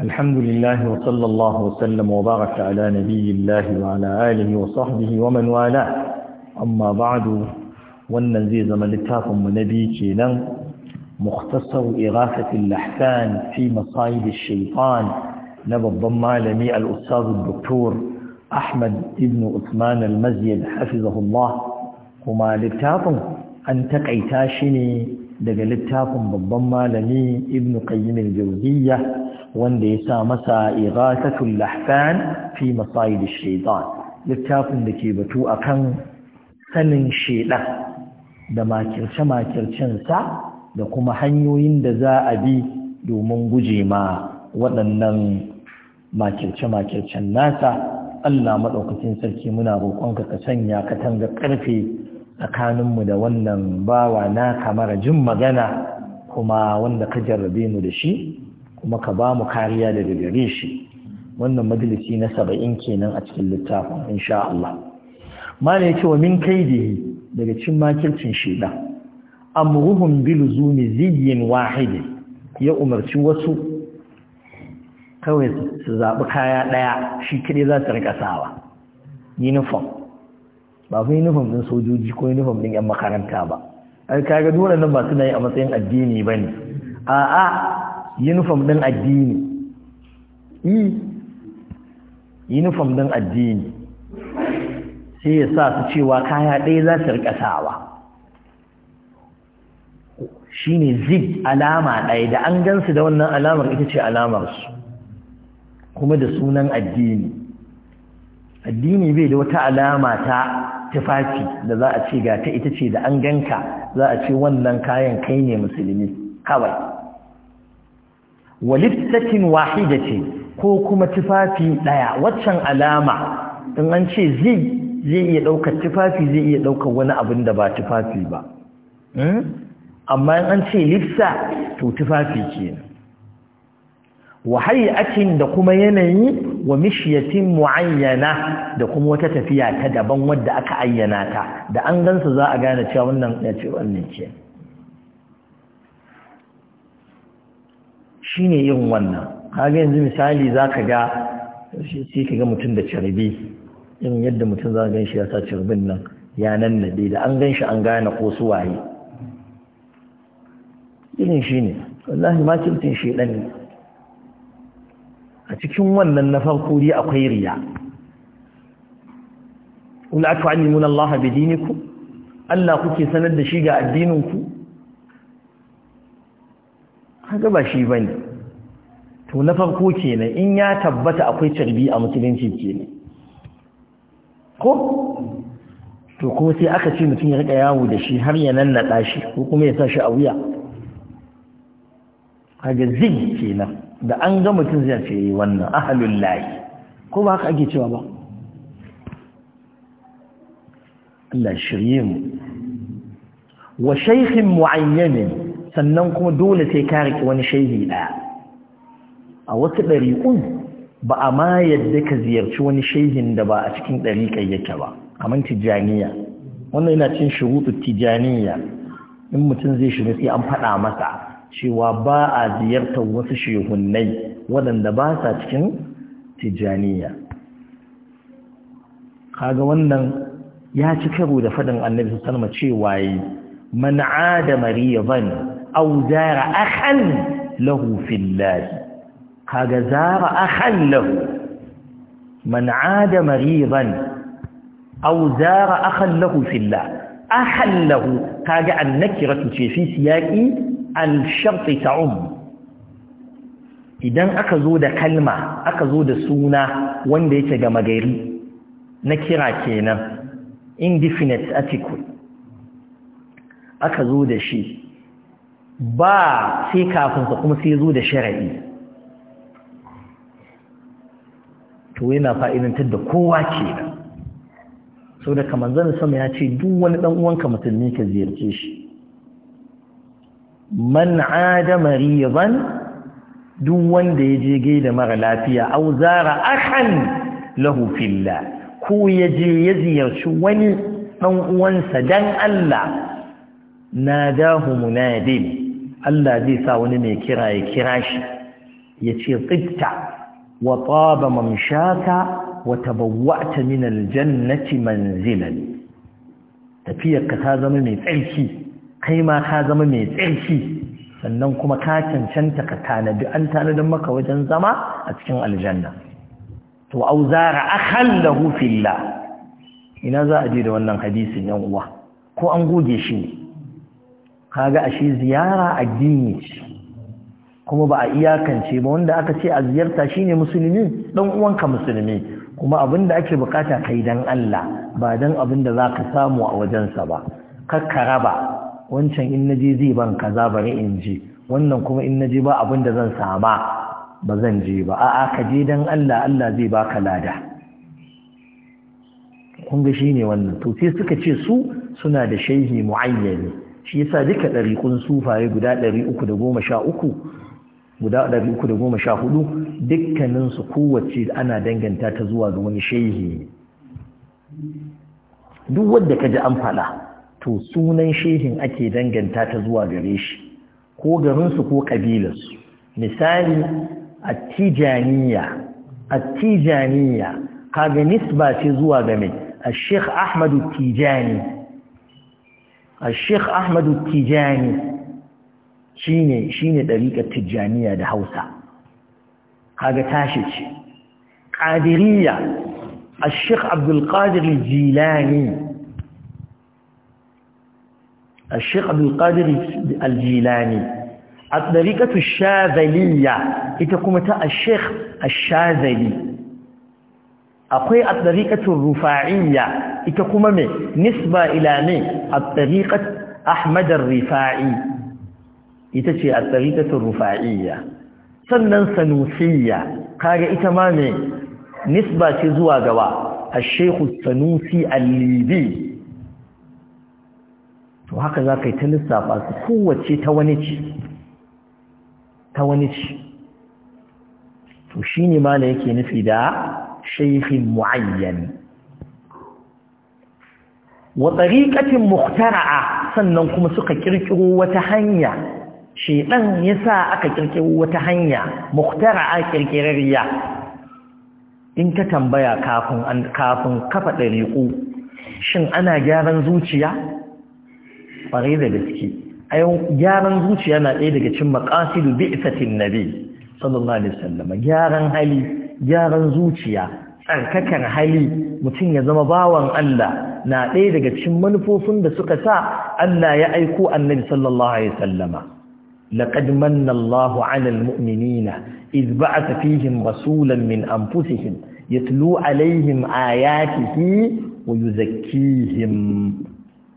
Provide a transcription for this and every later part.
الحمد لله وصلى الله وسلم وبارك على نبي الله وعلى آله وصحبه ومن والاه أما بعد والنزيز من لتافم نبيك لن مختصر إغاثة اللحسان في مصايد الشيطان نبى الضمى لمي الأستاذ الدكتور أحمد ابن عثمان المزيد حفظه الله وما لتافم أن تاشني daga littafin babban malami ibn qayyim al wanda ya sa masa ighathatul lahfan fi masaid ash-shaytan littafin da ke batu akan sanin shedan da makirce makircen sa da kuma hanyoyin da za a bi domin guje ma waɗannan makirce makircen nasa Allah madaukakin sarki muna roƙonka ka sanya ka tanga karfe tsakaninmu da wannan bawa na kamar jin magana kuma wanda ka jarrabe mu da shi kuma ka ba mu kariya daga gare shi wannan majalisi na saba'in kenan a cikin littafin insha Allah mala ya ce wa min kaidihi daga cin makircin shida amruhum bil zumi ziyyin wahidi ya umarci wasu kawai su zaɓi kaya ɗaya shi kaɗai za su riƙa sawa uniform ba fa nufin ɗin sojoji ko nufin ɗin yan makaranta ba ai kaga dole nan ba suna yi a matsayin addini ne, a a nufin ɗin addini yi nufin ɗin addini sai ya sa su cewa kaya ɗaya za su rika sawa ne zig alama ɗaya da an gansu da wannan alamar ita ce alamarsu kuma da sunan addini addini bai da wata alama ta tufafi da za a ce ga ta ita ce da an ganka za a ce wannan kayan kai ne musulmi kawai waliftatin wahida ce ko kuma tufafi daya waccan alama in an ce zai zai iya daukar tufafi zai iya daukar wani abin da ba tufafi ba hmm? amma in an ce lifsa to tufafi kenan wa hay'atin da kuma yanayi wa mishiyatin muayyana da kuma wata tafiya ta daban wadda aka ayyana ta da an gansa za a gane cewa wannan ya ce wannan ce shine irin wannan kaga yanzu misali zaka ga sai kaga mutum da carbi in yadda mutum za a gan shi ya sa carbin nan ya nan nade da an gan shi an gane ko su waye irin shine wallahi shi shedan ne a cikin wannan na farko dai akwai riya wala tu'allimuna Allah bi dinikum Allah kuke sanar da shi ga addinin ku haka ba shi bane to na farko kenan in ya tabbata akwai tarbi a musulunci kenan ko to kuma sai aka ce mutum ya rika yawo da shi har ya nannaɗa shi ko kuma ya sa shi a wuya kaga zig kenan da an ga mutum zai ce eh, wannan ahalun layi ko ba haka ake cewa ba Allah shirye mu wa shaikhin mu'ayyanin sannan kuma dole sai ka riƙe wani shaihi ɗaya a wasu ɗariƙun ba a ma yadda ka ziyarci wani shaihin da ba a cikin ɗariƙar yake ba kamar tijjaniya wannan yana cin shuruɗu tijjaniya in mutum zai shiga sai an faɗa masa cewa ba a ziyartar wasu shehunai waɗanda ba sa cikin tijjaniya kaga wannan ya ci karo da faɗin annabi sallama cewa yi man ada mariyaban au zara akhan lahu fillah kaga zara akhan lahu man ada mariyaban au zara akhan lahu fillah akhan lahu kaga annakiratu ce fi siyaki. al-shart ta'um idan aka zo da kalma aka zo da suna wanda yake gama gari na kira kenan indefinite article aka zo da shi ba sai kafin sa kuma sai zo da shara'i to yana fa'idantar da kowa ce saboda sau kamar zan sama ya ce duk wani ɗan'uwanka mutum ne ka ziyarce shi man ada mariban duk wanda ya je gaida mara lafiya au zara ahan lahu filla, ko ya je ya ziyarci wani dan uwansa dan Allah nadahu munadin Allah zai sa wani mai kira ya kira shi ya ce tsibta wa taba mamshaka wa tabawwa'ta min aljannati manzilan tafiyarka ta zama mai tsarki kai ma ka zama mai tsarki sannan kuma ka cancanta ka tanadi an tanadin maka wajen zama a cikin aljanna to auzara akhal lahu fillah ina za a je da wannan hadisin yan uwa ko an goge shi ne kaga ashe ziyara addini ce kuma ba a iyakance ba wanda aka ce a ziyarta shine musulmi dan uwanka musulmi kuma abin da ake bukata kai dan Allah ba dan abin da zaka samu a wajensa ba Ka ba wancan in naji zai ban kaza bari in ji wannan kuma in naji ba abin da zan sa ba zan je ba a'a ka je dan Allah Allah zai baka lada kun ga shine wannan to sai suka ce su suna da shehi muayyani shi yasa duka kun sufaye guda 313 guda 314 dukkanin su kowace ana danganta ta zuwa ga wani shehi duk wanda kaji an fada to sunan shehin ake danganta ta zuwa gare shi ko garinsu ko ƙabilarsu misali a tijaniya a tijaniya nisba ce zuwa ga mai a ahmadu tijani a ahmadu tijani shine shine ɗariƙar tijaniya da hausa kaga tashi ce ƙadiriya a sheikh abdulkadir jilani الشيخ عبد القادر الجيلاني الطريقة الشاذلية إتكمة الشيخ الشاذلي أقوي الطريقة الرفاعية إتكمة نسبة إلى مين الطريقة أحمد الرفاعي إتكي الطريقة الرفاعية سنن سنوسية قال إتمامي نسبة زواجوا الشيخ السنوسي الليبي to haka za ka yi ta lissafa su kowace ta wani ci ta wani ci to shi ne ma yake nufi da shaikhin mu'ayyani Wata tsariƙatin muhtara'a sannan kuma suka ƙirƙiro wata hanya shaiɗan ya sa aka ƙirƙiro wata hanya muhtara'a ƙirƙirarriya in ka tambaya kafin kafa ɗariƙo shin ana gyaran zuciya ƙwarai da gaske gyaran zuciya na ɗaya daga cikin maqasidu bi'satin nabi sallallahu alaihi wasallam gyaran hali gyaran zuciya tsarkakan hali mutum ya zama bawan Allah na ɗaya daga cikin manufofin da suka sa Allah ya aiko annabi sallallahu alaihi wasallama laqad manna Allahu 'alal mu'minina idh ba'atha fihim rasulan min anfusihim yatlu 'alayhim ayatihi wa yuzakkihim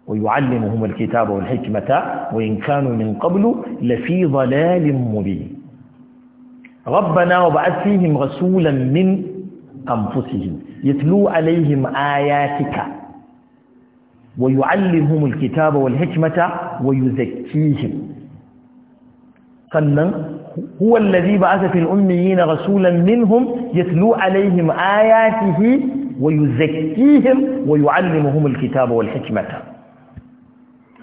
ويعلمهم الكتاب والحكمة وإن كانوا من قبل لفي ضلال مبين ربنا وبعث فيهم رسولا من أنفسهم يتلو عليهم آياتك ويعلمهم الكتاب والحكمة ويزكيهم sannan هو الذي بعث في الأميين رسولا منهم يتلو عليهم آياته ويزكيهم ويعلمهم الكتاب والحكمة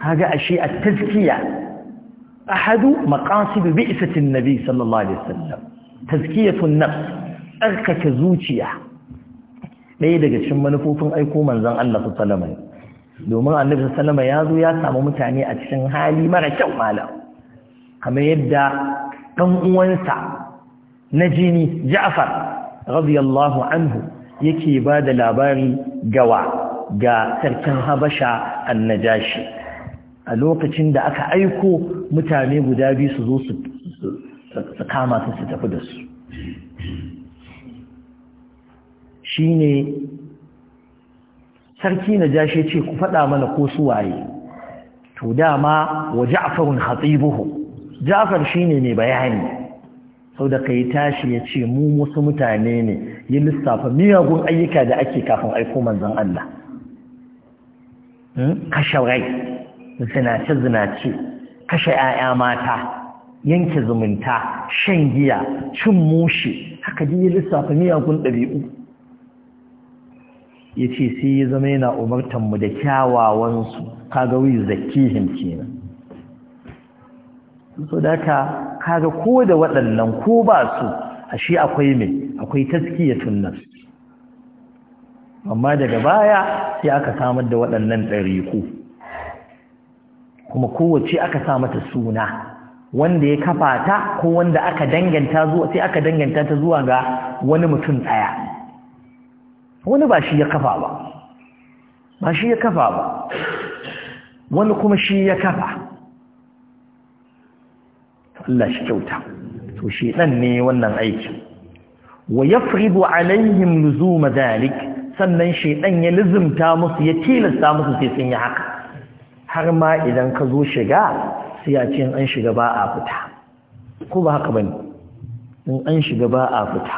kaga ashe at-tazkiya ahadu maqasid bi'sati an-nabi sallallahu alaihi wasallam tazkiyatu an-nafs tsarkake zuciya ɗaya daga cikin manufofin aiko manzon Allah sallallahu alaihi wasallam domin annabi sallallahu alaihi wasallam ya zo ya samu mutane a cikin hali mara kyau malam kamar yadda ɗan uwansa na jini Ja'far radiyallahu anhu yake ba da labari gawa ga sarkin Habasha annajashi a lokacin da aka aiko mutane guda biyu su zo su kama su su tafi da su shi ne sarki na jashe ce ku faɗa mana ko su waye to dama wa ja'farun hatibuhu ja'far shine mai bayani sau da kai tashi ya ce mu wasu mutane ne Yi lissafa miyagun ayyuka da ake kafin aiko manzan Allah hmm? kashe rai zinace-zinace kashe 'ya'ya mata yanke zumunta shan giya cin mushi, haka ji ya miyagun ɗabi'u ya ce sai ya zama yana umartanmu da kyawawansu kaga wuyi zakihim kenan so da ka kaga ko da waɗannan ko ba su a shi akwai mai akwai taskiya tunan. amma daga baya sai aka samar da waɗannan ɗariku kuma kowace aka sa mata suna wanda ya kafa ta ko wanda aka danganta zuwa sai aka danganta ta zuwa ga wani mutum ɗaya wani ba shi ya kafa ba ba shi ya kafa ba wani kuma shi ya kafa Allah shi kyauta to shi dan ne wannan aikin wa yafridu alaihim luzuma dalik sannan shi shedan ya lizumta musu ya tilasta musu sai sun yi haka har ma idan ka zo shiga sai a ce an shiga ba a fita ko ba haka bane in an shiga ba a fita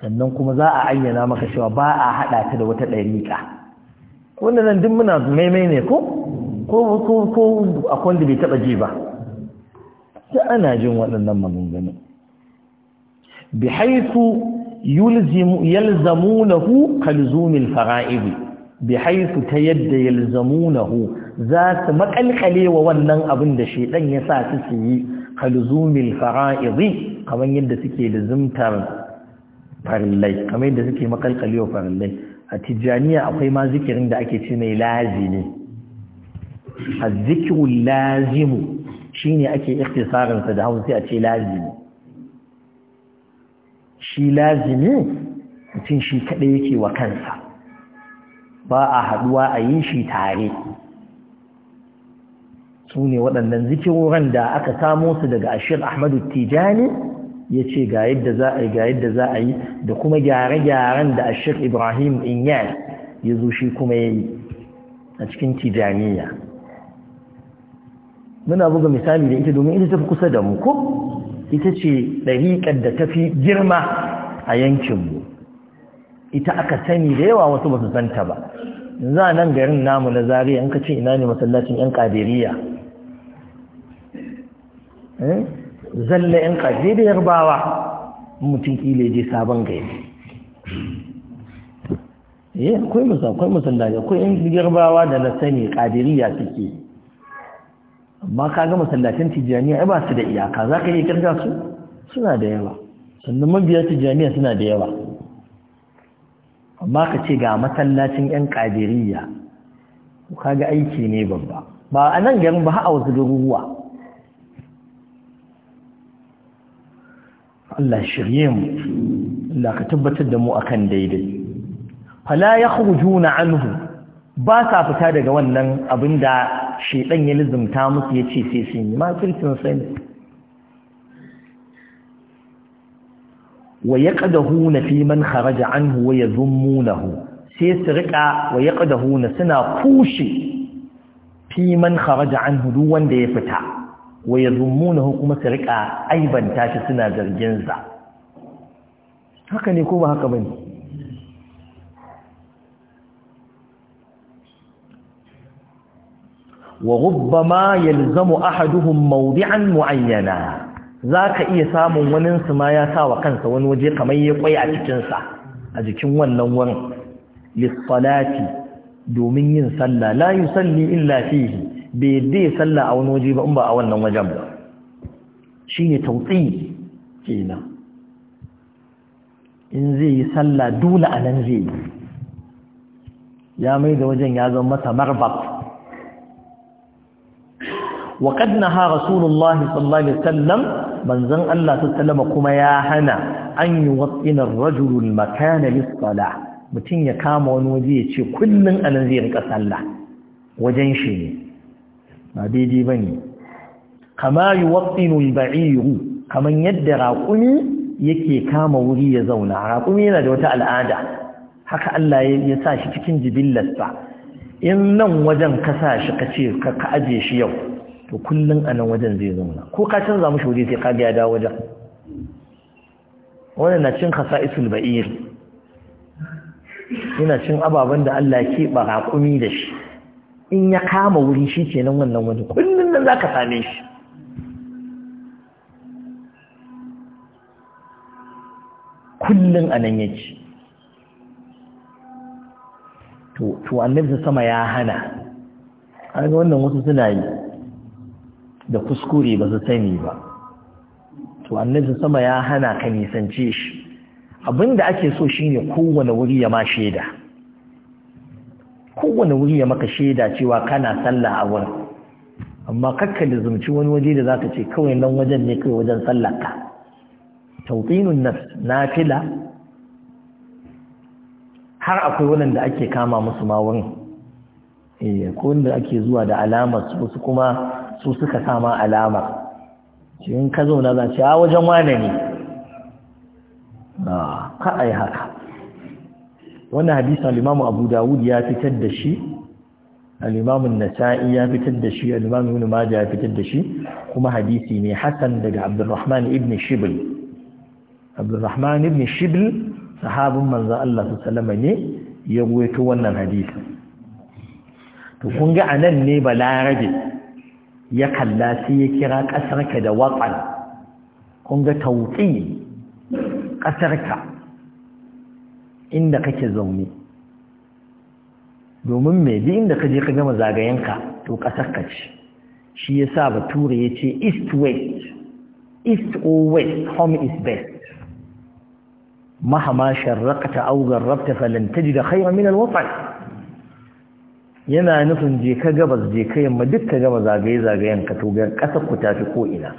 sannan kuma za a ayyana maka cewa ba a haɗa ta da wata ɗarika. Wannan nan duk muna maimai ne ko ko ko ko akwai wanda bai taɓa ji ba sai ana jin waɗannan maganganu bi haifu yulzimu yalzamunahu kalzumil fara'ibi bi haifu ta yadda yalzamunahu za su makalkale wa wannan abin da shedan ya sa su su yi kalzumil fara'idi kamar yadda suke luzumtar farillai kamar yadda suke makalkale wa farillai a tijjaniya akwai ma zikirin da ake ce mai lazimi azzikiru lazimu shine ake ikhtisarin da hausa a ce lazimi shi lazimi mutum shi kaɗai yake wa kansa ba a haduwa a yi shi tare su ne waɗannan zikirorin da aka samo su daga ashir ahmadu tijani ya ce ga yadda za a yi ga yadda za a yi da kuma gyare-gyaren da ashir ibrahim Inyar ya zo shi kuma ya yi a cikin tijaniya muna buga misali da ita domin ita ta fi kusa da mu ko ita ce ɗariƙar da ta fi girma a yankinmu ita aka sani da yawa wasu ba su santa ba za nan garin namu na zariya in ka ce ina ne masallacin yan kadiriya eh? zalla yan kadiriyar bawa mutum kile je sabon gari eh akwai musa akwai masallaci akwai yan girbawa da na sani kadiriya suke amma kaga masallacin tijaniya ai ba su da iyaka za ka iya kirga su suna da yawa sannan mabiya tijaniya suna da yawa amma ka ce ga masallacin 'yan ƙadiriya ga aiki ne babba ba a nan garin ba a wasu garuruwa Allah shirye mu Allah ka tabbatar da mu akan daidai fala yakhrujuna anhu ba sa fita daga wannan abin da shi ya zumta musu ya ce sai sun yi ma kirkin sai ويقدهون في من خرج عنه ويذمونه سيسرقا ويقدهون سنا فوشي في من خرج عنه دون دي فتا ويذمونه كما سرقا ايضا تاشي سنا درجنزا هكذا يكون هكذا بني وربما يلزم أحدهم موضعا معينا za ka iya samun waninsu ma ya sa wa kansa wani waje kamar ya kwai a cikinsa a jikin wannan wurin lissalati domin yin sallah la yusalli illa fihi bai dai sallah a wani waje ba in ba a wannan wajen ba shine tawtsi kenan in zai yi sallah dole a nan zai yi ya mai da wajen ya zama samar marbat وقد نهى رسول الله صلى الله عليه وسلم manzon Allah sallama kuma ya hana an yi wasinar rajulul makana lis-sala mutum ya kama wani waje ya ce kullun anan zai rika sallah wajen shi ne ba daidai bane kama yuwassinu al-ba'iru kaman yadda raƙumi yake kama wuri ya zauna raƙumi yana da wata al'ada haka Allah ya sa shi cikin jibillarsa in nan wajen ka sa shi ka ce ka aje shi yau to kullum a nan wajen zai zauna ko ka canza mushi waje sai ka ga ya dawo wajen wannan na cin khasa'isul ba'ir yana cin ababen da Allah ke barakumi da shi in ya kama wuri shi kenan wannan wajen kullum nan zaka same shi kullum a nan yake to annabi sama ya hana an wannan wasu suna yi da kuskure ba su sani ba to annabi sama ya hana ka nisance shi abinda ake so shine kowane wuri ya ma shaida kowane wuri ya maka shaida cewa kana sallah a wurin amma kakka da zumci wani waje da zaka ce kawai nan wajen ne kai wajen sallah ka tawqinun nafs nafila har akwai wannan da ake kama musu ma wurin eh ko wanda ake zuwa da alamar su kuma su suka sama alama cikin ka zauna za a wajen wane ne ah, ka haka wannan hadisun alimamu abu dawud ya fitar da shi alimamun nasa'i ya fitar da shi alimamun ibn maja ya fitar da shi kuma hadisi ne hasan daga abdurrahman ibn shibl abdurrahman ibn shibl sahabin manzan allah su salama ne ya goyato wannan hadisi to kun ga nan ne balarabe ya kalla sai ya kira ƙasarka da watsal kun ga tauƙi ƙasarka inda kake zaune domin mai bi inda ka je ka gama zagayenka to ƙasarka ce shi ya sa bature ya ce east west east or west home is best mahama sharraqta aw garrabta falan tajida khayran min al-watsal yana nufin je ka gabas je ka yamma duk ka gama zagaye-zagayen ka to ƙasar ku tafi ko ina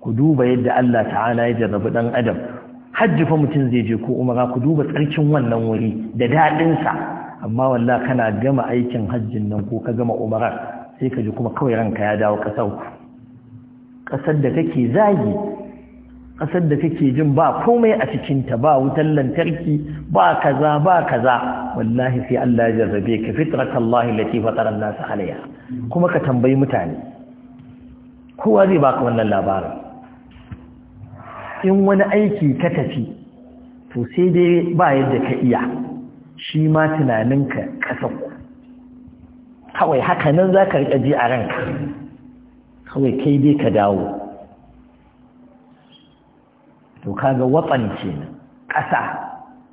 ku duba yadda Allah ta'ala ya jarrabu ɗan adam hajji fa mutum zai je ko umara ku duba tsarkin wannan wuri da daɗin sa amma walla kana gama aikin hajjin nan ko ka gama umarar sai ka ji kuma kawai ranka ya dawo ƙasar ku ƙasar da kake zagi ƙasar da kake jin ba komai a cikinta ba wutar lantarki ba kaza ba kaza wallahi sai Allah ya jarrabe ka fitratallahi lati fatara an-nas alayha kuma ka tambayi mutane kowa zai baka wannan labarin in wani aiki ka tafi to sai dai ba yadda ka iya shi ma tunaninka kasa kawai haka nan za ka riƙa ji a ranka kawai kai dai ka dawo to kaga watsan ce ƙasa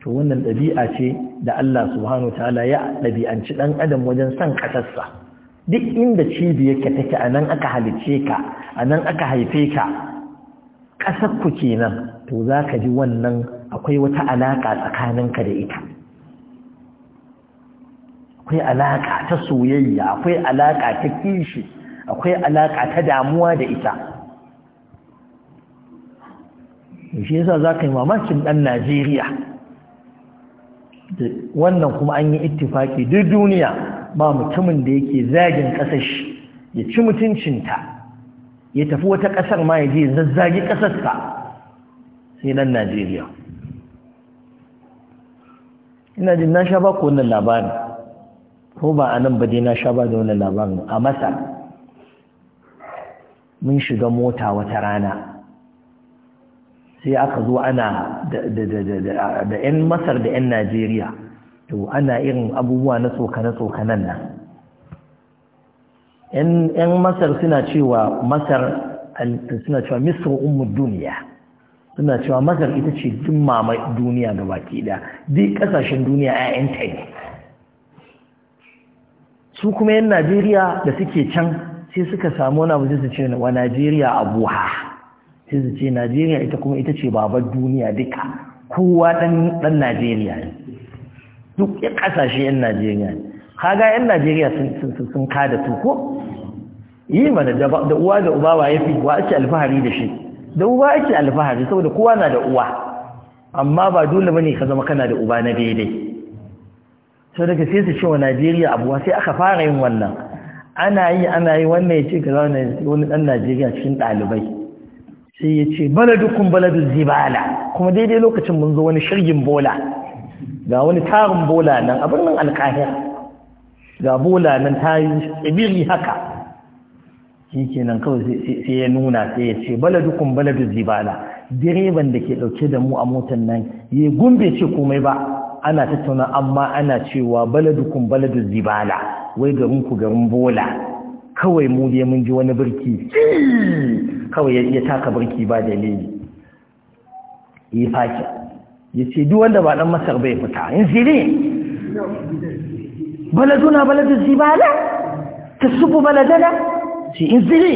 to wannan ɗabi'a ce da Allah subhanahu ta'ala ya ɗabi'anci ɗan adam wajen san ƙasarsa duk inda cibiyarka take a nan aka halice ka a nan aka haife ka ƙasarku kenan to za ka ji wannan akwai wata alaƙa tsakaninka da ita akwai alaƙa ta soyayya akwai alaƙa ta kishi akwai alaƙa ta damuwa da ita shi yasa za ka yi mamakin ɗan najeriya wannan kuma an yi ittifaki duk duniya ba mutumin da yake zagin ƙasar shi ya ci mutuncinta ya tafi wata ƙasar ma ya je zazzagi ƙasarsa sai nan najeriya ina jin na sha ba ku wannan labarin ko ba a nan ba dai na sha ba da wannan labarin a masa mun shiga mota wata rana sai aka zo ana da 'yan masar da 'yan najeriya to ana irin abubuwa na tsokane-tsokanen nan 'yan masar suna cewa masar suna cewa Misir umar duniya suna cewa masar ita ce jin mamai duniya ga baki da duk kasashen duniya 'ya'yanta ne su kuma 'yan najeriya da suke can sai suka samu wani abu su ce wa najeriya abuwa. sai su ce najeriya ita kuma ita ce babar duniya duka kowa ɗan najeriya ne duk ya kasashe 'yan najeriya ne kaga 'yan najeriya sun kada su ko yi mana da uwa da uba wa ya fi wa ake alfahari da shi da uba ake alfahari saboda kowa na da uwa amma ba dole ne ka zama kana da uba na daidai sau daga sai su ce wa najeriya abuwa sai aka fara yin wannan ana yi ana yi wannan ya ce ka zaune wani ɗan najeriya cikin ɗalibai sai ya ce baladukun baladun zibala kuma daidai lokacin mun zo wani shirgin bola ga wani tarin bola nan a birnin alkahir ga bola nan ta yi tsibiri haka shi kenan kawai sai ya nuna sai ya ce baladukun baladun zibala direban da ke ɗauke da mu a motar nan ya gumbe ce komai ba ana tattauna amma ana cewa baladukun baladun zibala wai garinku garin bola kawai mu ne mun ji wani birki kawai ya taka birki ba ne yi faki ya ce duk wanda ba dan masar bai fita in zire baladuna baladun zibala ta subu baladana ce in zire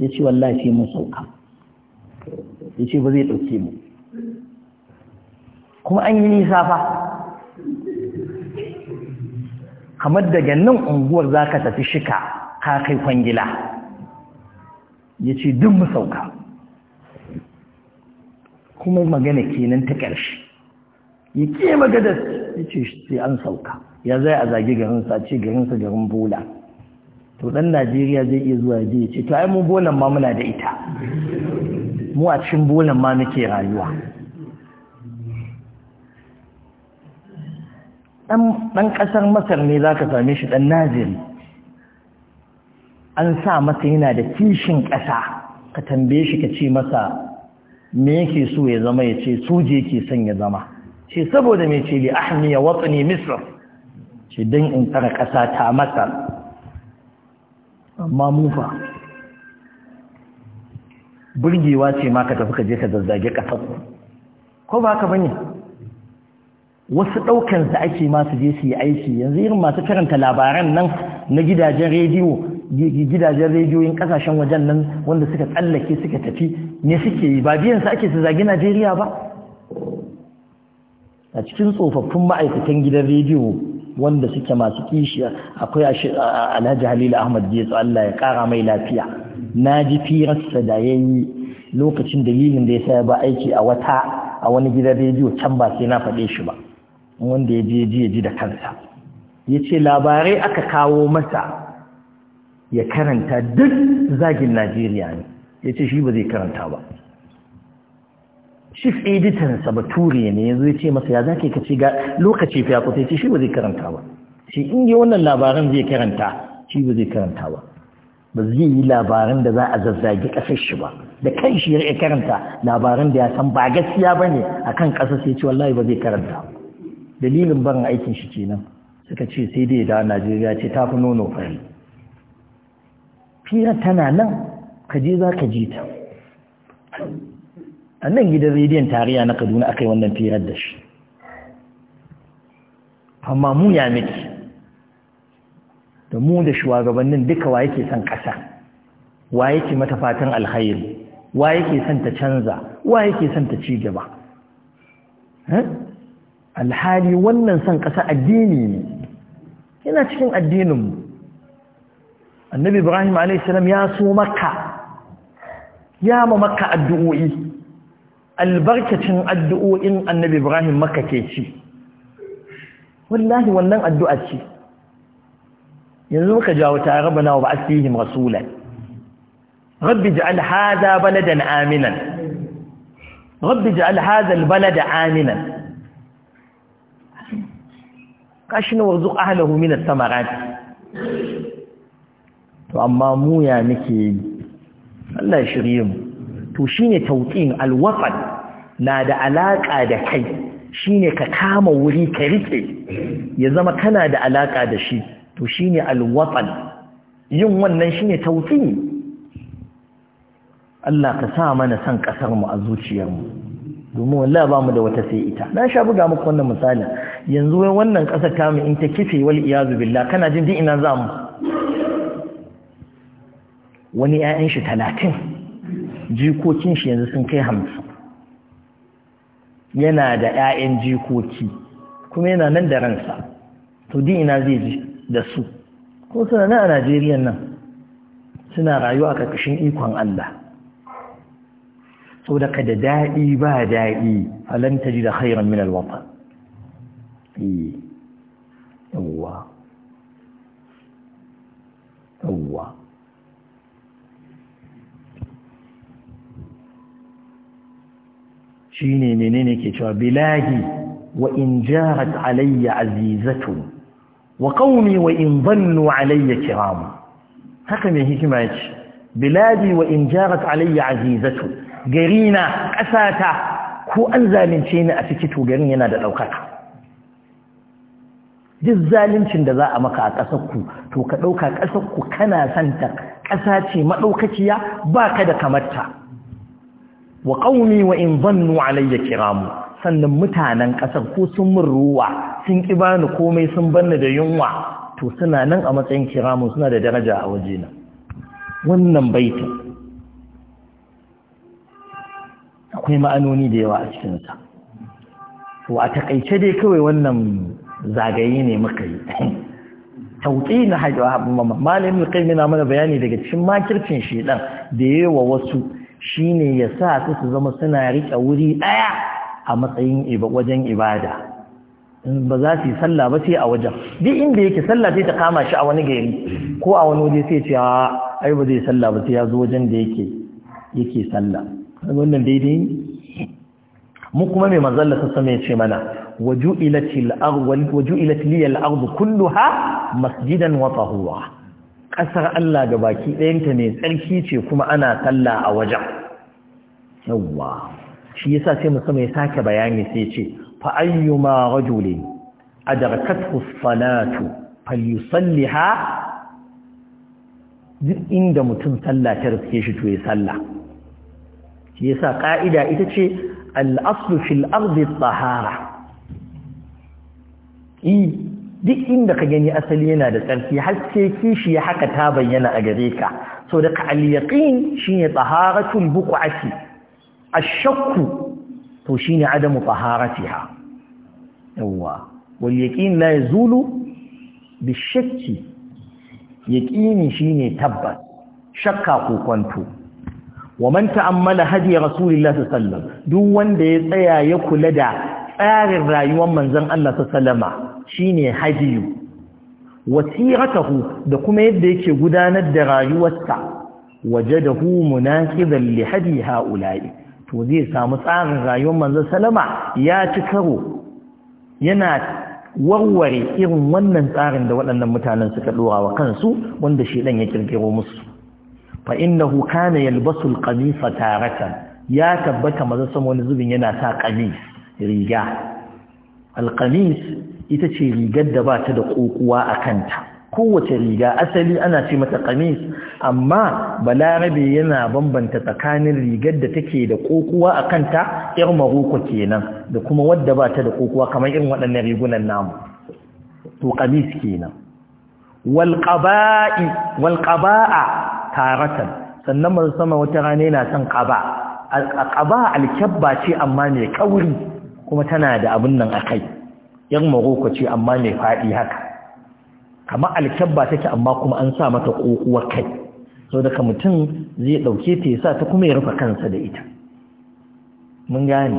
ya ce wallahi mun sauka ya ce ba zai ɗauke mu kuma an yi nisa fa kamar daga nan unguwar za ka tafi shika ka kai kwangila ya ce duk mu sauka kuma magana kenan ta ƙarshe ya ke magana ya ce sai an sauka ya zai a zagi garinsa ce garinsa garin bola to ɗan najeriya zai iya zuwa ya ce to ai mu bolan ma muna da ita mu a cikin bolan ma muke rayuwa ɗan ƙasar masar ne za ka same shi ɗan Najeriya. an sa masa yana da kishin ƙasa ka tambaye shi ka ce masa me yake so ya zama ya ce soje ke son ya zama ce saboda mai ce li ahmiya watsani misr ce don in tsara ƙasa ta masa amma mufa burgewa ce ma ka tafi ka je ka zazzage ƙasar ko ba haka bane wasu ɗaukansa ake masu je su yi aiki yanzu irin masu karanta labaran nan na gidajen rediyo gidajen rediyoyin kasashen wajen nan wanda suka tsallake suka tafi ne suke yi ba biyan su ake su zagi Najeriya ba a cikin tsofaffin ma'aikatan gidan rediyo wanda suke masu kishi akwai Alhaji Halilu Ahmad Getsu Allah ya kara mai lafiya na ji firarsa da ya yi lokacin dalilin da ya saya ba aiki a wata a wani gidan rediyo can ba sai na faɗe shi ba wanda ya je ji ji da kansa ya ce labarai aka kawo masa ya karanta duk zagin najeriya ne ya ce shi ba zai karanta ba chief editansa bature ne ya ya ce masa ya zaka ka ce ga lokaci fiya kusa ya ce shi ba zai karanta ba shi in yi wannan labaran zai karanta shi ba zai karanta ba ba zai yi labaran da za a zazzagi ƙasar shi ba da kan shi ya karanta labaran da ya san ba gaskiya ba ne a kan ƙasar sai ce wallahi ba zai karanta dalilin barin aikin shi kenan suka ce sai dai da najeriya ce ta fi nono fari fira tana nan ka je za ka ji ta a nan gidan rediyon tarayya na kaduna aka yi wannan firar da shi amma mu ya miki da mu da shugabannin duka wa yake son ƙasa wa yake mata fatan alkhairi wa yake son ta canza wa yake son ta ci gaba eh? alhali wannan son ƙasa addini ne yana cikin addininmu annabi ibrahim a.s. ya so maka ya ma maka addu'o'i albarkacin addu'o'in annabi ibrahim maka ke ci wallahi wannan addu'a ce yanzu ka jawo ta rabana wa ba'asihim rasulan rabbi ja'al hada baladan aminan rabbi ja'al hada albalada aminan kashi na warzuq ahlahu min to amma mu ya muke yi Allah ya shirye mu to shine tawqin alwaqad na da alaka da kai shine ka kama wuri ka rike ya zama kana da alaka da shi to shine alwaqad yin wannan shine tawqin Allah ka sa mana san kasar mu a zuciyar mu domin wallahi ba mu da wata sai ita na sha buga muku wannan misali yanzu wannan kasar ta mu in ta kife wal iyazu billah kana jin din ina za wani 'ya'yan shi talatin jikokin shi yanzu sun kai hamsin yana da 'ya'yan jikoki kuma yana nan da ransa to din ina zai ji da su ko suna nan a najeriya nan suna rayuwa a ƙarƙashin ikon allah so daga da daɗi ba daɗi falanta ji da hairan min alwata eh, yawwa shine menene ke cewa bilahi wa in jarat alayya azizatu wa wa in dhannu alayya kiram haka mai hikima yace biladi wa in jarat alayya azizatu garina kasata ko an zalunce ni a cikin to garin yana da daukaka duk zaluncin da za a maka a ƙasarku to ka ɗauka ƙasarku kana santa ƙasa ce maɗaukaciya ba ka da kamarta wa qaumi wa in zannu alayya kiramu sannan mutanen ƙasar ko sun mun ruwa sun ki bani komai sun banna da yunwa to suna nan a matsayin kiramu suna da daraja a wajena wannan baitin akwai ma'anoni da yawa a cikinsa to a takaice dai kawai wannan zagaye ne muka yi Tauki na hajjawa malamin kai yana mana bayani daga cikin makircin ɗan. da yawa wasu shine ya sa su su zama suna riƙe wuri ɗaya a matsayin wajen ibada ba za su yi sallah ba sai a wajen duk inda yake sallah sai ta kama shi a wani gari ko a wani waje sai ce a ah, ai ba zai sallah ba sai ya zo wajen da yake yake sallah wannan daidai ne mu kuma mai mazalla sassa mai ce mana waju ardu waju'ilat liyal ardu kulluha masjidan wa tahura ƙasar Allah ga baki ɗayanta ne tsarki ce kuma ana sallah a wajen yawwa shi yasa sai musamman ya sake bayani sai ce fa ayyuma rajulin adrakathu as-salatu ha duk inda mutum sallah ta riske shi to ya sallah shi yasa ƙa'ida ita ce al-aslu fil duk inda ka gani asali yana da tsarki haske kishi haka ta bayyana a gare ka so da al-yaqin shine taharatul buq'ati a shakku to shine adamu taharatiha yawa wal yaqin la yazulu bi-shakki yaqini shine tabbas shakka ko kwanto wa man ta'ammala hadi duk wanda ya tsaya ya kula da tsarin rayuwar manzon Allah ta sallama shine hadiyu wasiratahu da kuma yadda yake gudanar da rayuwarsa wajadahu munaqidan li hadi haula'i to zai samu tsarin rayuwar manzon sallama ya ci karo yana warware irin wannan tsarin da waɗannan mutanen suka dora wa kansu wanda ɗan ya ƙirƙiro musu fa kana yalbasul alqamisa taratan ya tabbata maza sama wani zubin yana sa qamis riga alƙamis ita ce rigar da ba ta da ƙoƙuwa a kanta kowace riga asali ana ce mata ƙamis amma balarabe yana bambanta tsakanin rigar da take da ƙoƙuwa a kanta ƴar maroko kenan da kuma wadda ba ta da ƙoƙuwa kamar irin waɗannan rigunan namu to ƙamis kenan walƙaba'a taratan sannan sama wata rana yana son ƙaba a ƙaba alkyabba ce amma mai kauri kuma tana da abin nan a kai yan maroko ce amma mai faɗi haka kamar alkyabba take amma kuma an sa mata ƙoƙuwar kai sau daga mutum zai ɗauke ta yasa ta kuma ya rufa kansa da ita mun gane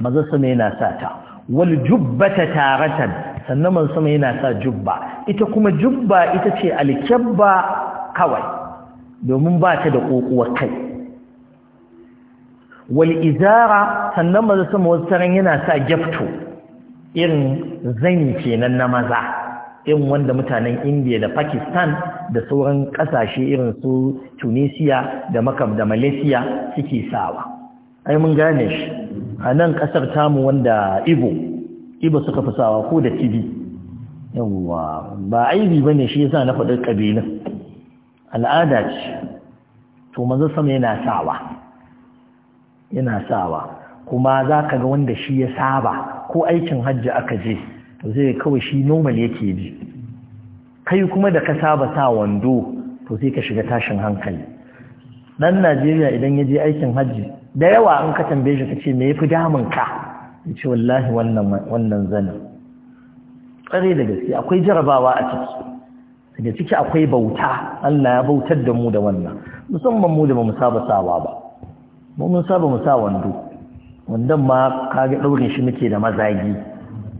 maza sama yana sa ta wal jubbata taratan sannan man sama yana sa jubba ita kuma jubba ita ce alkyabba kawai domin ba ta da ƙoƙuwar kai wal izara sannan maza sama wasu taron yana sa gyaftu irin zani kenan na maza irin wanda mutanen indiya da pakistan da sauran kasashe irin su tunisia da makam da malaysia suke sawa ai mun gane shi a nan kasar tamu wanda ibo ibo suka fi sawa ko da tibi yawwa ba aibi bane shi yasa na faɗi ƙabilin al'ada ce to maza sama yana sawa yana sawa kuma za ka ga wanda shi ya saba ko aikin hajji aka je to zai kawai shi normal yake ji kai kuma da ka saba sa wando to sai ka shiga tashin hankali dan Najeriya idan ya je aikin hajji da yawa an ka tambaye shi kace ce me yafi damun ka ya ce wallahi wannan wannan zani kare da gaske akwai jarabawa a ciki Da ciki akwai bauta Allah ya bautar da mu da wannan musamman mu da mu saba sawa ba mu mun saba mu sa wando wandon ma kage ɗaurin shi muke da mazagi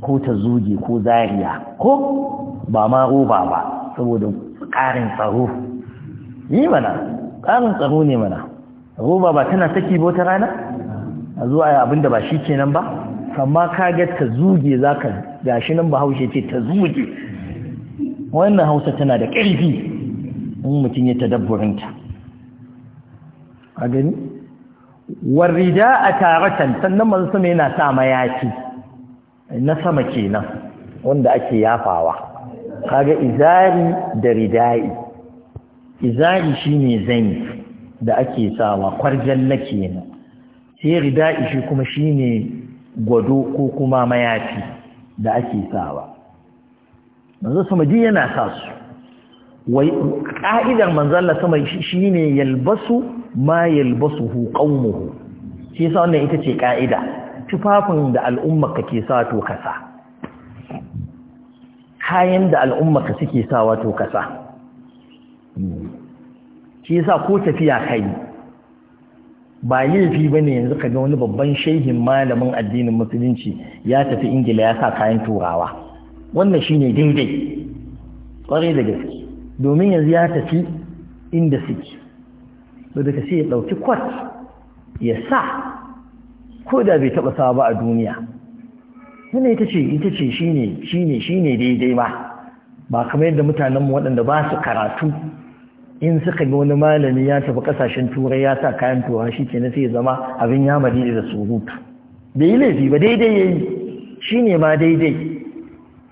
ko ta zuge ko zariya ko ba ma roba ba saboda ƙarin tsaro yi mana ƙarin tsaro ne mana roba ba tana saki ba wata rana a zuwa ya abin da ba shi kenan ba amma kage ta zuge za ka gashi nan ba haushe ce ta zuge wannan hausa tana da ƙarfi in mutum ta tadabburinta a gani warrida a taratan sannan manzo sama yana sa mayafi na sama kenan wanda ake yafawa kaga izari da ridai izari shine zani da ake sawa kwarjalla kenan sai ridai shi kuma shine gwado ko kuma mayafi da ake sawa manzo sama ji yana sa su wai ka'idar manzo Allah sama shine yalbasu ma yalbasuhu qaumuhu shi yasa wannan ita ce ka'ida tufafin da al'umma kake sa to kasa kayan da al'umma ka suke sa wato kasa shi yasa ko tafiya kai ba laifi ne yanzu ka ga wani babban shaihin malamin addinin musulunci ya tafi ingila ya sa kayan turawa wannan shine daidai kwarai da gaske domin yanzu ya tafi inda suke daga sai ya ɗauki kwat ya sa ko da bai taɓa sawa ba a duniya wannan ita ce ita ce shine shine shine daidai ba ba kamar yadda mutanenmu waɗanda ba su karatu in suka ga wani malami ya tafi ƙasashen turai ya sa kayan tuwa shi ke na sai zama abin ya madidi da surutu bai yi laifi ba daidai ya yi shi ne ma daidai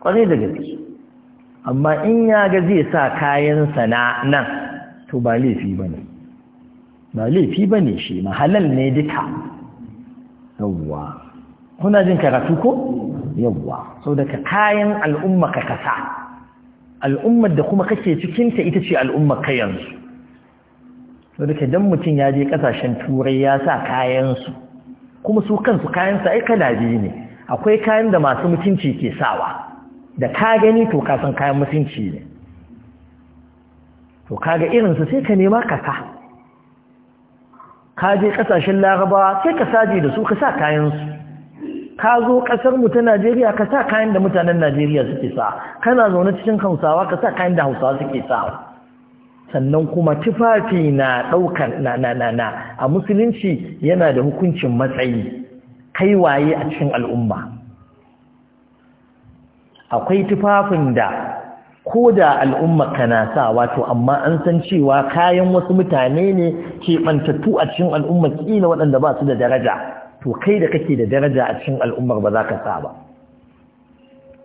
ƙwarai da gaske amma in ya ga zai sa kayan sana nan to ba laifi ba ne ba laifi ba ne shi mahalal ne duka yawwa kuna jin karatu ko yawwa sau daga kayan al'umma ka kasa al'ummar da kuma kake cikinta ita ce al'ummar ka yanzu sau daga don mutum ya je kasashen turai ya sa kayansu kuma su kansu kayansu ai kala biyu ne akwai kayan da masu mutunci ke sawa da ka gani to ka san kayan mutunci ne to kaga irinsu sai ka nema kasa ka je kasashen larabawa, sai ka saje da su ka sa kayansu ka zo kasar mu ta Najeriya ka sa kayan da mutanen Najeriya suke sa kana zaune cikin Hausawa ka sa kayan da Hausawa suke sa sannan kuma tufafi na ɗaukar na na na na a musulunci yana da hukuncin matsayi kai waye a cikin al'umma akwai tufafin da ko da al'umma kana sa wato amma an san cewa kayan wasu mutane ne ke bantattu a cikin al'umma kila waɗanda ba su da daraja to kai da kake da daraja a cikin al'ummar ba za ka sa ba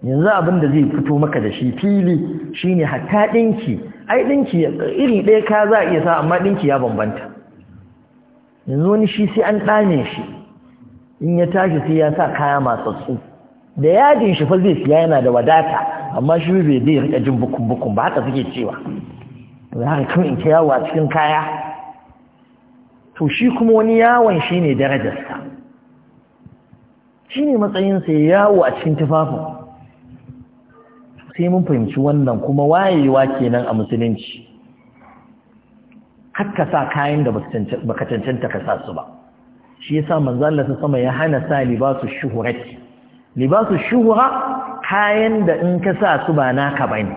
yanzu abin da zai fito maka da shi fili shine hatta ɗinki ai ɗinki iri ɗaya ka za a iya sa amma ɗinki ya bambanta yanzu wani shi sai an ɗame shi in ya tashi sai ya sa kaya masu tsufa da yajin shi fa zai siya yana da wadata amma shi bai zai rika jin bukun bukun ba haka suke cewa za ka kan in ta yawo cikin kaya to shi kuma wani yawon shi ne darajarsa shi ne matsayinsa ya yawo a cikin tufafin sai mun fahimci wannan kuma wayewa kenan a musulunci hakka sa kayan da baka cancanta ka sa su ba shi yasa manzo Allah sama ya hana sa libasu shuhurati libasu shuhura kayan da in ka sa su ba naka bane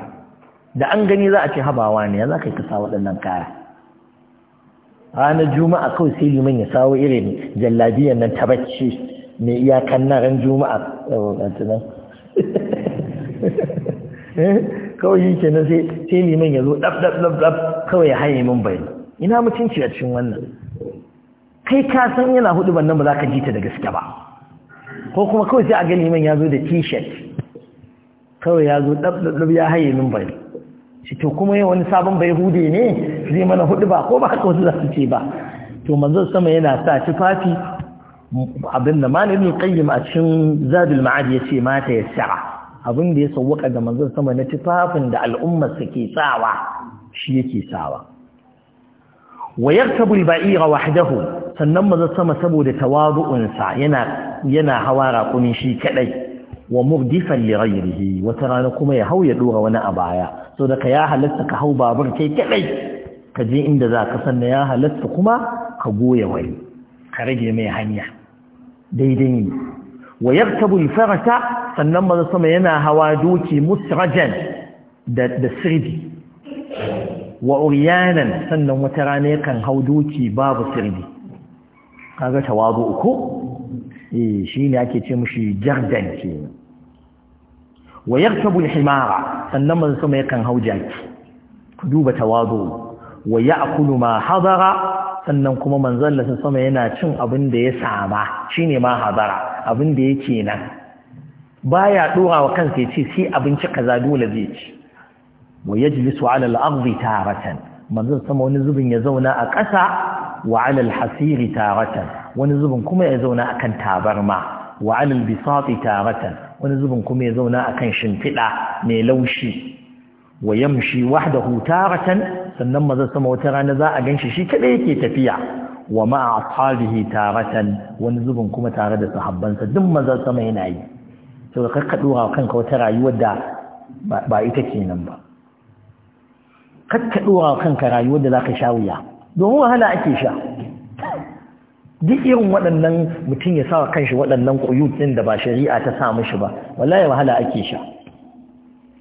da an gani za a ce habawa ne ya za ka yi ka sa waɗannan kaya ranar juma'a kawai sai liman ya sawo irin jallabiyan nan ta bacci mai iyakan na ran juma'a nan eh, kawai yin ke nan sai liman ya zo ɗaf ɗaf ɗaf ɗaf kawai ya haye min bai ina mutunci a cikin wannan kai ka san yana hudu ban nan ba za ka jita da gaske ba ko kuma kawai sai a ga liman ya zo da t-shirt kawai ya zo ɗabɗaɗɗab ya haye bai shi to kuma yau wani sabon bai hude ne zai mana hudu ba ko ba haka wasu za su ce ba to manzo sama yana sa tufafi abin da mani ne a cikin zadul ma'ad ce mata ya sa'a abin da ya sawwaka ga manzon sama na tufafin da al'umma su ke sawa shi yake sawa wa yarkabu al-ba'ira wahdahu sannan maza sama saboda tawadu'unsa yana yana hawa raƙumi shi kadai wa murdifan li ghayrihi wata ranar kuma ya hau ya dora wani a baya so da ka ya halatta ka hau babur kai kadai ka je inda za ka sanna ya halatta kuma ka goya wani ka rage mai hanya daidai ne wa al-farata sannan maza sama yana hawa doki musrajan da da sirdi wa uriyanan sannan wata rana yakan hau duki babu sirri kaga tawazu uku eh shine ake ce mishi jardan ce wa yaktabu al-himara sannan man sama yakan hau jaki ku duba tawazu wa ya'kulu ma hadara sannan kuma manzon Allah sama yana cin abin da ya saba shine ma hadara abin da yake nan baya dora wa kansa ya ce sai abinci kaza dole zai ci wa yajlisu ala al-ardi taratan manzon sama wani zubin ya zauna a ƙasa wa ala al-hasiri taratan wani zubin kuma ya zauna akan tabarma wa ala al-bisati taratan wani zubin kuma ya zauna akan shimfiɗa mai laushi wa yamshi wahdahu taratan sannan manzon sama wata rana za a ganshi shi kadai yake tafiya wa ma'a ashabihi taratan wani zubin kuma tare da sahabbansa duk manzon sama yana yi to ka ka dora kanka wata rayuwar da ba ita kenan ba kakka kanka rayuwar da za ka sha wuya domin wahala ake sha duk irin waɗannan mutum ya sa kanshi waɗannan ƙuyut ɗin da ba shari'a ta sa mishi ba wallahi wahala ake sha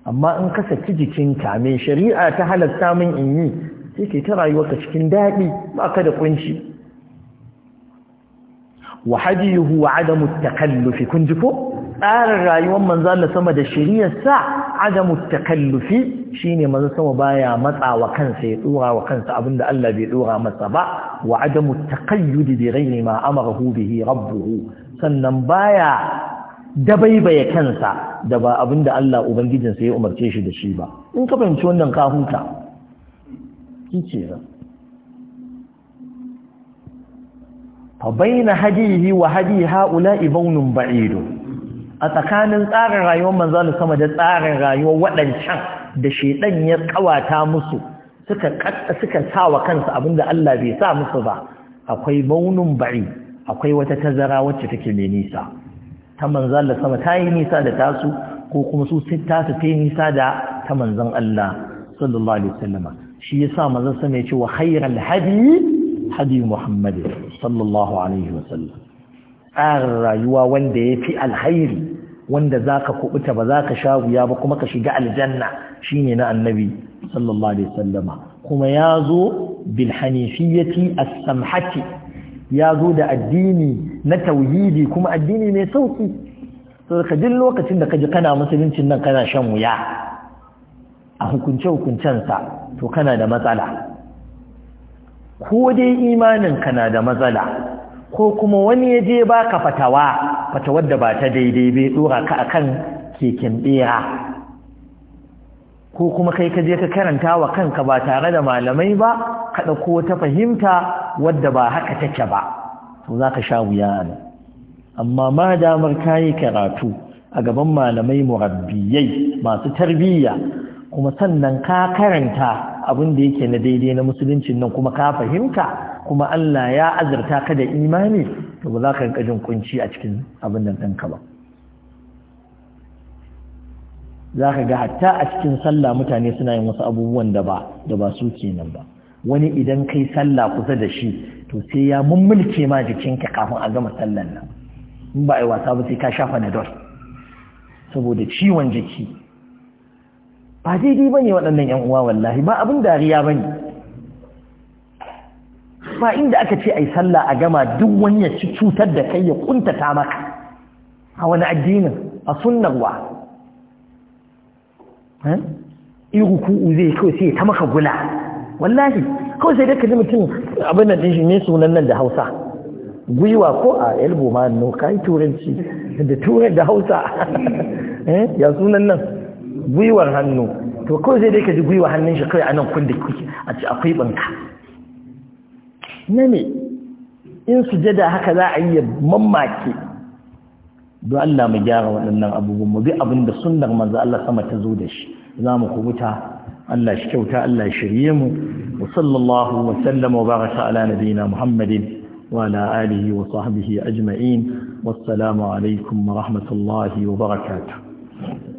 amma in ka saki jikinka mai shari'a ta halatta min in yi sai ke ta rayuwarka cikin daɗi ba ka da ƙunci wa hadiyu wa adamu takallufi kun ji ko tsarin rayuwar manzala sama da shiriyarsa adamu takallufi shine maza sama baya matsawa kansa ya tsura wa kansa abinda Allah bai tsura masa ba wa adamu taqayyud bi ghairi ma amarahu bihi rabbuhu sannan baya dabaibaye kansa da ba abinda Allah ubangijinsa ya umarce shi da shi ba in ka fahimci wannan ka huta kice fa bayna hadihi wa hadi haula ibnun ba'idun a tsakanin tsarin rayuwar manzalin sama da tsarin rayuwar waɗancan da shaidan ya kawata musu suka suka sawa kansu abinda Allah bai sa musu ba akwai maunun bari akwai wata tazara wacce take mai nisa ta manzalin sama ta yi nisa da tasu ko kuma su tasu ta yi nisa da ta manzan Allah sallallahu alaihi wasallama shi yasa manzon sama ya ce wa hadi hadi sallallahu alaihi wasallam tsarin rayuwa wanda ya fi alhairi wanda za ka kubuta ba ka sha wuya ba kuma ka shiga aljanna shine na annabi sallallahu alaihi sallama. kuma ya zo hanifiyati as-samhati zo da addini na tauhidi kuma addini mai sauki to ka duk lokacin da ka ji kana musuluncin nan kana shan wuya a hukunce hukuncensa to kana da matsala ko dai imanin kana da matsala ko kuma wani ya je baka fatawa fatawar da ba ta daidai bai dora ka kan keken bera ko kuma kai ka je ka karanta wa kanka ba tare da malamai ba ka dauko ta fahimta wadda ba haka take ba to zaka sha wuya ne amma ma damar kayi karatu a gaban malamai murabbiyai masu tarbiyya kuma sannan ka karanta abin da yake na daidai na musuluncin nan kuma ka fahimta kuma Allah ya azurta ka da imani to ba za ka rinka jin kunci a cikin abin nan ɗinka ba za ka ga hatta a cikin sallah mutane suna yin wasu abubuwan da ba da ba su kenan ba wani idan kai sallah kusa da shi to sai ya mummulke ma jikinka kafin a gama sallan nan in ba a yi wasa ba sai ka shafa na dol saboda ciwon jiki ba daidai ba ne waɗannan 'yan uwa wallahi ba abin dariya ba ne ba inda aka ce ai sallah a gama duk wani ya ci cutar da kai ya kuntata maka a wani addinin a sunnar wa eh? iru ku uze kawai sai ta maka gula wallahi kawai sai dai ka mutum abin da shi ne sunan nan da Hausa gwiwa ko a elbo ma no kai turanci da turai da Hausa eh ya sunan nan gwiwar hannu to kawai sai dai ka ji gwiwa hannun shi kawai a nan kun da kuke a ci akwai banka na ne in sujada haka za a yi mamaki don Allah mu gyara waɗannan abubuwan mu bi abin da sunnar manzo Allah sama ta zo da shi za mu kubuta Allah shi kyauta Allah shirye mu wa sallallahu wa sallama wa baraka ala nabiyina Muhammadin wa ala alihi wa sahbihi ajma'in wassalamu alaikum wa rahmatullahi wa barakatuh